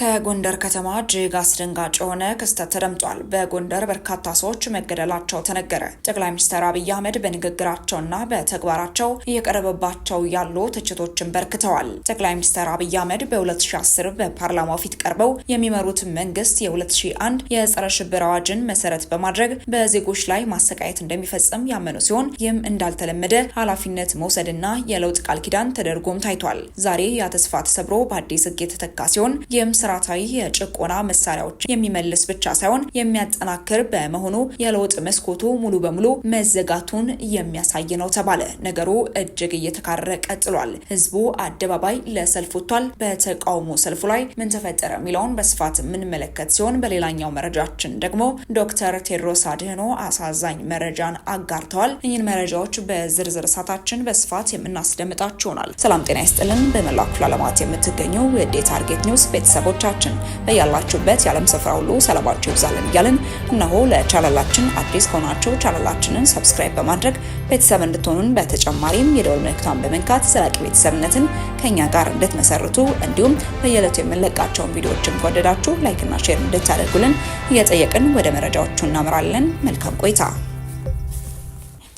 ከጎንደር ከተማ እጅግ አስደንጋጭ የሆነ ክስተት ተደምጧል። በጎንደር በርካታ ሰዎች መገደላቸው ተነገረ። ጠቅላይ ሚኒስትር አብይ አህመድ በንግግራቸውና በተግባራቸው እየቀረበባቸው ያሉ ትችቶችን በርክተዋል። ጠቅላይ ሚኒስትር አብይ አህመድ በ2010 በፓርላማው ፊት ቀርበው የሚመሩት መንግስት የ2001 የጸረ ሽብር አዋጅን መሰረት በማድረግ በዜጎች ላይ ማሰቃየት እንደሚፈጽም ያመኑ ሲሆን ይህም እንዳልተለመደ ኃላፊነት መውሰድና የለውጥ ቃል ኪዳን ተደርጎም ታይቷል። ዛሬ ያ ተስፋ ተሰብሮ በአዲስ ህግ የተተካ ሲሆን ይህም መሰረታዊ የጭቆና መሳሪያዎች የሚመልስ ብቻ ሳይሆን የሚያጠናክር በመሆኑ የለውጥ መስኮቱ ሙሉ በሙሉ መዘጋቱን የሚያሳይ ነው ተባለ። ነገሩ እጅግ እየተካረረ ቀጥሏል። ህዝቡ አደባባይ ለሰልፍ ወጥቷል። በተቃውሞ ሰልፉ ላይ ምን ተፈጠረ የሚለውን በስፋት የምንመለከት ሲሆን በሌላኛው መረጃችን ደግሞ ዶክተር ቴድሮስ አድህኖ አሳዛኝ መረጃን አጋርተዋል። እኚህን መረጃዎች በዝርዝር እሳታችን በስፋት የምናስደምጣችሁ ይሆናል። ሰላም ጤና ይስጥልን። በመላው ክፍለ ዓለማት የምትገኙ የዴ ታርጌት ኒውስ ቤተሰቦች ቤተሰቦቻችን በያላችሁበት የዓለም ስፍራ ሁሉ ሰላማችሁ ይብዛልን እያልን እነሆ ለቻናላችን አዲስ ከሆናችሁ ቻናላችንን ሰብስክራይብ በማድረግ ቤተሰብ እንድትሆኑን በተጨማሪም የደወል ምልክቷን በመንካት ዘላቂ ቤተሰብነትን ከእኛ ጋር እንድትመሰርቱ እንዲሁም በየዕለቱ የምንለቃቸውን ቪዲዮዎችን ከወደዳችሁ ላይክና ሼር እንድታደርጉልን እየጠየቅን ወደ መረጃዎቹ እናምራለን። መልካም ቆይታ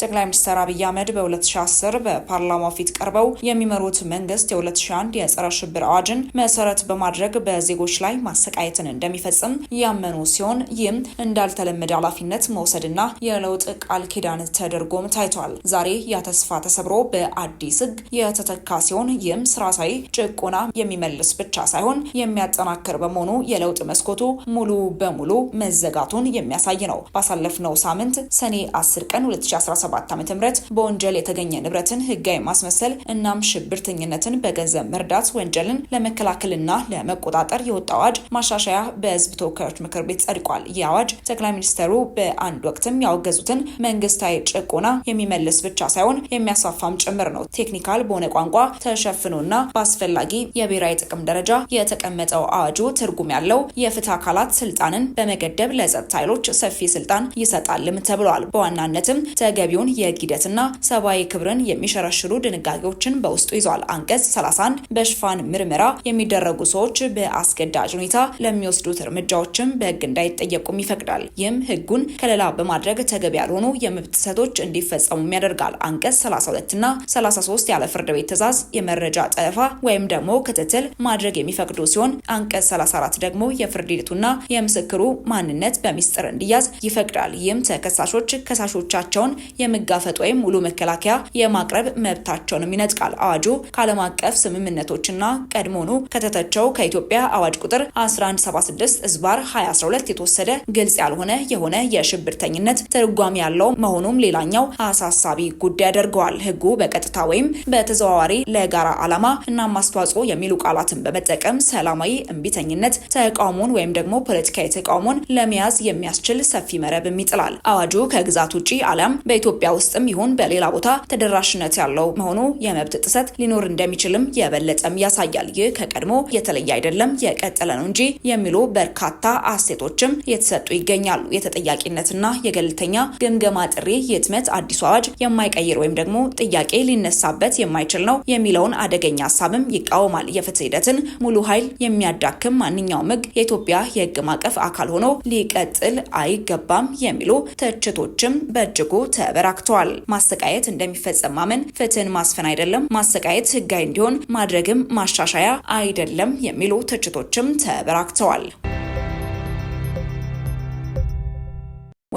ጠቅላይ ሚኒስትር አብይ አህመድ በ2010 በፓርላማው ፊት ቀርበው የሚመሩት መንግስት የ2001 የጸረ ሽብር አዋጅን መሰረት በማድረግ በዜጎች ላይ ማሰቃየትን እንደሚፈጽም ያመኑ ሲሆን ይህም እንዳልተለመደ ኃላፊነት መውሰድና የለውጥ ቃል ኪዳን ተደርጎም ታይቷል። ዛሬ ያ ተስፋ ተሰብሮ በአዲስ ህግ የተተካ ሲሆን ይህም ስርዓታዊ ጭቆና የሚመልስ ብቻ ሳይሆን የሚያጠናክር በመሆኑ የለውጥ መስኮቱ ሙሉ በሙሉ መዘጋቱን የሚያሳይ ነው። ባሳለፍነው ሳምንት ሰኔ 10 ቀን 2017 2017 ዓ.ም በወንጀል የተገኘ ንብረትን ህጋዊ ማስመሰል እናም ሽብርተኝነትን በገንዘብ መርዳት ወንጀልን ለመከላከልና ለመቆጣጠር የወጣ አዋጅ ማሻሻያ በህዝብ ተወካዮች ምክር ቤት ጸድቋል። ይህ አዋጅ ጠቅላይ ሚኒስትሩ በአንድ ወቅትም ያወገዙትን መንግስታዊ ጭቆና የሚመልስ ብቻ ሳይሆን የሚያስፋፋም ጭምር ነው። ቴክኒካል በሆነ ቋንቋ ተሸፍኖና በአስፈላጊ የብሔራዊ ጥቅም ደረጃ የተቀመጠው አዋጁ ትርጉም ያለው የፍትህ አካላት ስልጣንን በመገደብ ለጸጥታ ኃይሎች ሰፊ ስልጣን ይሰጣልም ተብሏል። በዋናነትም ተገቢ የህግ ሂደትና ሰብአዊ ክብርን የሚሸረሽሩ ድንጋጌዎችን በውስጡ ይዟል። አንቀጽ 31 በሽፋን ምርመራ የሚደረጉ ሰዎች በአስገዳጅ ሁኔታ ለሚወስዱት እርምጃዎችም በህግ እንዳይጠየቁም ይፈቅዳል። ይህም ህጉን ከለላ በማድረግ ተገቢ ያልሆኑ የመብት ጥሰቶች እንዲፈጸሙም ያደርጋል። አንቀጽ 32 እና 33 ያለ ፍርድ ቤት ትዕዛዝ የመረጃ ጠለፋ ወይም ደግሞ ክትትል ማድረግ የሚፈቅዱ ሲሆን አንቀጽ 34 ደግሞ የፍርድ ሂደቱና የምስክሩ ማንነት በሚስጥር እንዲያዝ ይፈቅዳል። ይህም ተከሳሾች ከሳሾቻቸውን የ የመጋፈጥ ወይም ሙሉ መከላከያ የማቅረብ መብታቸውንም ይነጥቃል። አዋጁ ከዓለም አቀፍ ስምምነቶችና ቀድሞኑ ከተተቸው ከኢትዮጵያ አዋጅ ቁጥር 1176 እዝባር 212 የተወሰደ ግልጽ ያልሆነ የሆነ የሽብርተኝነት ትርጓሜ ያለው መሆኑም ሌላኛው አሳሳቢ ጉዳይ ያደርገዋል። ህጉ በቀጥታ ወይም በተዘዋዋሪ ለጋራ ዓላማ እና አስተዋጽኦ የሚሉ ቃላትን በመጠቀም ሰላማዊ እምቢተኝነት፣ ተቃውሞን ወይም ደግሞ ፖለቲካዊ ተቃውሞን ለመያዝ የሚያስችል ሰፊ መረብም ይጥላል። አዋጁ ከግዛት ውጪ አሊያም በኢትዮጵያ ኢትዮጵያ ውስጥም ይሁን በሌላ ቦታ ተደራሽነት ያለው መሆኑ የመብት ጥሰት ሊኖር እንደሚችልም የበለጠም ያሳያል። ይህ ከቀድሞ የተለየ አይደለም፣ የቀጠለ ነው እንጂ የሚሉ በርካታ አስተያየቶችም የተሰጡ ይገኛሉ። የተጠያቂነትና የገለልተኛ ግምገማ ጥሪ የህትመት አዲሱ አዋጅ የማይቀይር ወይም ደግሞ ጥያቄ ሊነሳበት የማይችል ነው የሚለውን አደገኛ ሀሳብም ይቃወማል። የፍትህ ሂደትን ሙሉ ኃይል የሚያዳክም ማንኛውም ህግ የኢትዮጵያ የህግ ማቀፍ አካል ሆኖ ሊቀጥል አይገባም የሚሉ ትችቶችም በእጅጉ ተበራ ተበራክተዋል። ማሰቃየት እንደሚፈጸም ማመን ፍትህን ማስፈን አይደለም፣ ማሰቃየት ህጋዊ እንዲሆን ማድረግም ማሻሻያ አይደለም የሚሉ ትችቶችም ተበራክተዋል።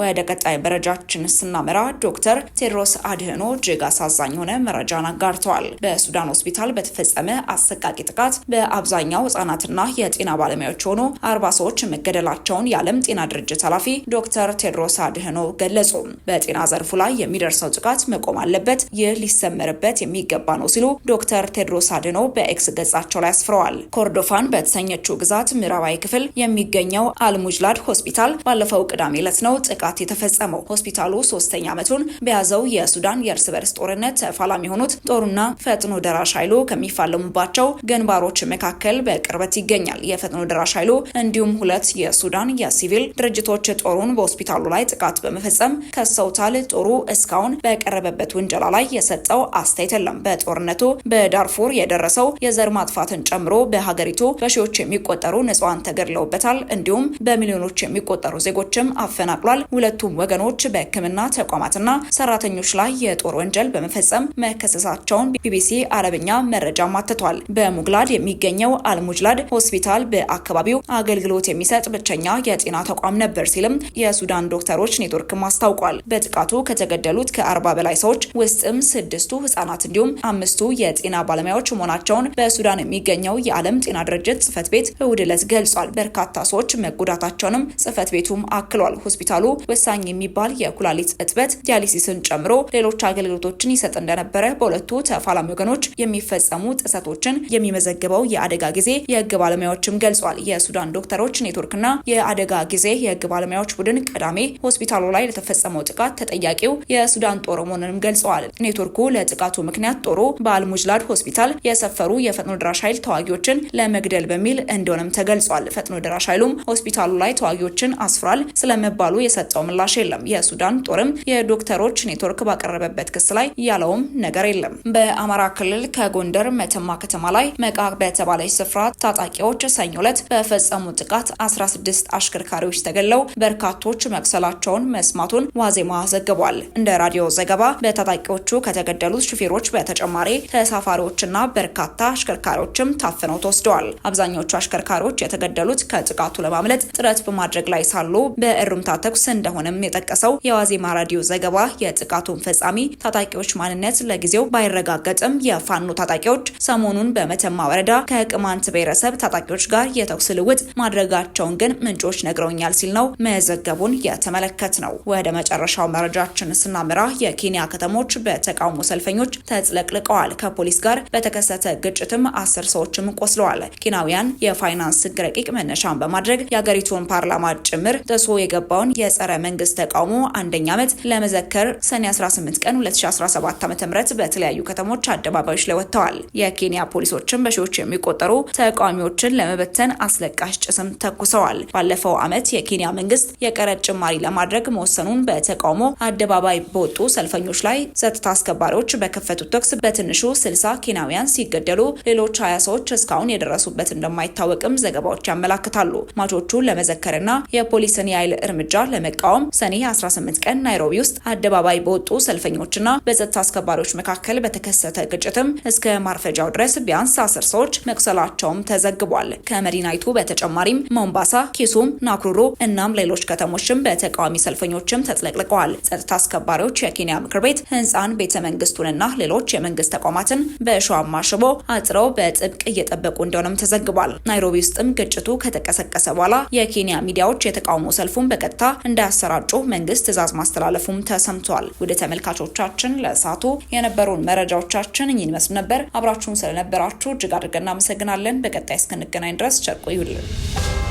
ወደ ቀጣይ መረጃችን ስናመራ ዶክተር ቴድሮስ አድህኖ እጅግ አሳዛኝ የሆነ መረጃን አጋርተዋል። በሱዳን ሆስፒታል በተፈጸመ አሰቃቂ ጥቃት በአብዛኛው ህጻናትና የጤና ባለሙያዎች የሆኑ አርባ ሰዎች መገደላቸውን የዓለም ጤና ድርጅት ኃላፊ ዶክተር ቴድሮስ አድህኖ ገለጹ። በጤና ዘርፉ ላይ የሚደርሰው ጥቃት መቆም አለበት፣ ይህ ሊሰመርበት የሚገባ ነው ሲሉ ዶክተር ቴድሮስ አድህኖ በኤክስ ገጻቸው ላይ አስፍረዋል። ኮርዶፋን በተሰኘችው ግዛት ምዕራባዊ ክፍል የሚገኘው አልሙጅላድ ሆስፒታል ባለፈው ቅዳሜ ዕለት ነው ጥቃት ጥቃት የተፈጸመው። ሆስፒታሉ ሶስተኛ ዓመቱን በያዘው የሱዳን የእርስ በርስ ጦርነት ተፋላሚ የሆኑት ጦሩና ፈጥኖ ደራሽ ኃይሉ ከሚፋለሙባቸው ግንባሮች መካከል በቅርበት ይገኛል። የፈጥኖ ደራሽ ኃይሉ እንዲሁም ሁለት የሱዳን የሲቪል ድርጅቶች ጦሩን በሆስፒታሉ ላይ ጥቃት በመፈጸም ከሰውታል። ጦሩ እስካሁን በቀረበበት ውንጀላ ላይ የሰጠው አስተያየት የለም። በጦርነቱ በዳርፉር የደረሰው የዘር ማጥፋትን ጨምሮ በሀገሪቱ በሺዎች የሚቆጠሩ ንጹሃን ተገድለውበታል። እንዲሁም በሚሊዮኖች የሚቆጠሩ ዜጎችም አፈናቅሏል፣ ሁለቱም ወገኖች በህክምና ተቋማትና ሰራተኞች ላይ የጦር ወንጀል በመፈጸም መከሰሳቸውን ቢቢሲ አረብኛ መረጃ ማትቷል። በሙግላድ የሚገኘው አልሙጅላድ ሆስፒታል በአካባቢው አገልግሎት የሚሰጥ ብቸኛ የጤና ተቋም ነበር ሲልም የሱዳን ዶክተሮች ኔትወርክም አስታውቋል። በጥቃቱ ከተገደሉት ከአርባ በላይ ሰዎች ውስጥም ስድስቱ ህጻናት እንዲሁም አምስቱ የጤና ባለሙያዎች መሆናቸውን በሱዳን የሚገኘው የዓለም ጤና ድርጅት ጽህፈት ቤት እሁድ ዕለት ገልጿል። በርካታ ሰዎች መጎዳታቸውንም ጽህፈት ቤቱም አክሏል። ሆስፒታሉ ወሳኝ የሚባል የኩላሊት እጥበት ዲያሊሲስን ጨምሮ ሌሎች አገልግሎቶችን ይሰጥ እንደነበረ በሁለቱ ተፋላሚ ወገኖች የሚፈጸሙ ጥሰቶችን የሚመዘግበው የአደጋ ጊዜ የህግ ባለሙያዎችም ገልጿል። የሱዳን ዶክተሮች ኔትወርክና የአደጋ ጊዜ የህግ ባለሙያዎች ቡድን ቅዳሜ ሆስፒታሉ ላይ ለተፈጸመው ጥቃት ተጠያቂው የሱዳን ጦር መሆኑንም ገልጸዋል። ኔትወርኩ ለጥቃቱ ምክንያት ጦሩ በአልሙጅላድ ሆስፒታል የሰፈሩ የፈጥኖ ደራሽ ኃይል ተዋጊዎችን ለመግደል በሚል እንደሆነም ተገልጿል። ፈጥኖ ደራሽ ኃይሉም ሆስፒታሉ ላይ ተዋጊዎችን አስፍሯል ስለመባሉ የሰጠ የሰጠው ምላሽ የለም። የሱዳን ጦርም የዶክተሮች ኔትወርክ ባቀረበበት ክስ ላይ ያለውም ነገር የለም። በአማራ ክልል ከጎንደር መተማ ከተማ ላይ መቃ በተባለች ስፍራ ታጣቂዎች ሰኞ ዕለት በፈጸሙ ጥቃት 16 አሽከርካሪዎች ተገለው በርካቶች መቅሰላቸውን መስማቱን ዋዜማ ዘግቧል። እንደ ራዲዮ ዘገባ በታጣቂዎቹ ከተገደሉት ሹፌሮች በተጨማሪ ተሳፋሪዎችና በርካታ አሽከርካሪዎችም ታፍነው ተወስደዋል። አብዛኞቹ አሽከርካሪዎች የተገደሉት ከጥቃቱ ለማምለጥ ጥረት በማድረግ ላይ ሳሉ በእሩምታ ተኩስ እንደሆነም የጠቀሰው የዋዜማ ራዲዮ ዘገባ የጥቃቱን ፈጻሚ ታጣቂዎች ማንነት ለጊዜው ባይረጋገጥም የፋኖ ታጣቂዎች ሰሞኑን በመተማ ወረዳ ከቅማንት ብሔረሰብ ታጣቂዎች ጋር የተኩስ ልውጥ ማድረጋቸውን ግን ምንጮች ነግረውኛል ሲል ነው መዘገቡን የተመለከት ነው። ወደ መጨረሻው መረጃችን ስናምራ የኬንያ ከተሞች በተቃውሞ ሰልፈኞች ተጥለቅልቀዋል። ከፖሊስ ጋር በተከሰተ ግጭትም አስር ሰዎችም ቆስለዋል። ኬንያውያን የፋይናንስ ህግ ረቂቅ መነሻን በማድረግ የአገሪቱን ፓርላማ ጭምር ጥሶ የገባውን የጸረ የጸረ መንግስት ተቃውሞ አንደኛ ዓመት ለመዘከር ሰኔ 18 ቀን 2017 ዓ.ም በተለያዩ ከተሞች አደባባዮች ላይ ወጥተዋል። የኬንያ ፖሊሶችም በሺዎች የሚቆጠሩ ተቃዋሚዎችን ለመበተን አስለቃሽ ጭስም ተኩሰዋል። ባለፈው ዓመት የኬንያ መንግስት የቀረጥ ጭማሪ ለማድረግ መወሰኑን በተቃውሞ አደባባይ በወጡ ሰልፈኞች ላይ ጸጥታ አስከባሪዎች በከፈቱት ተኩስ በትንሹ 60 ኬንያውያን ሲገደሉ ሌሎች 20 ሰዎች እስካሁን የደረሱበት እንደማይታወቅም ዘገባዎች ያመላክታሉ። ማቾቹ ለመዘከርና የፖሊስን የኃይል እርምጃ ለመቀ በመቃወም ሰኔ 18 ቀን ናይሮቢ ውስጥ አደባባይ በወጡ ሰልፈኞችና በጸጥታ አስከባሪዎች መካከል በተከሰተ ግጭትም እስከ ማርፈጃው ድረስ ቢያንስ አስር ሰዎች መቁሰላቸውም ተዘግቧል። ከመዲናይቱ በተጨማሪም ሞምባሳ፣ ኪሱም፣ ናኩሩሩ እናም ሌሎች ከተሞችም በተቃዋሚ ሰልፈኞችም ተጥለቅልቀዋል። ጸጥታ አስከባሪዎች የኬንያ ምክር ቤት ህንፃን፣ ቤተ መንግስቱንና ሌሎች የመንግስት ተቋማትን በሸዋማ ሽቦ አጥረው በጥብቅ እየጠበቁ እንደሆነም ተዘግቧል። ናይሮቢ ውስጥም ግጭቱ ከተቀሰቀሰ በኋላ የኬንያ ሚዲያዎች የተቃውሞ ሰልፉን በቀጥታ እንዳ እንዲያሰራጩ መንግስት ትዕዛዝ ማስተላለፉም ተሰምቷል። ወደ ተመልካቾቻችን ለእሳቱ የነበሩን መረጃዎቻችን እኚህን መስሉ ነበር። አብራችሁን ስለነበራችሁ እጅግ አድርገን እናመሰግናለን። በቀጣይ እስክንገናኝ ድረስ ቸር ቆዩልን።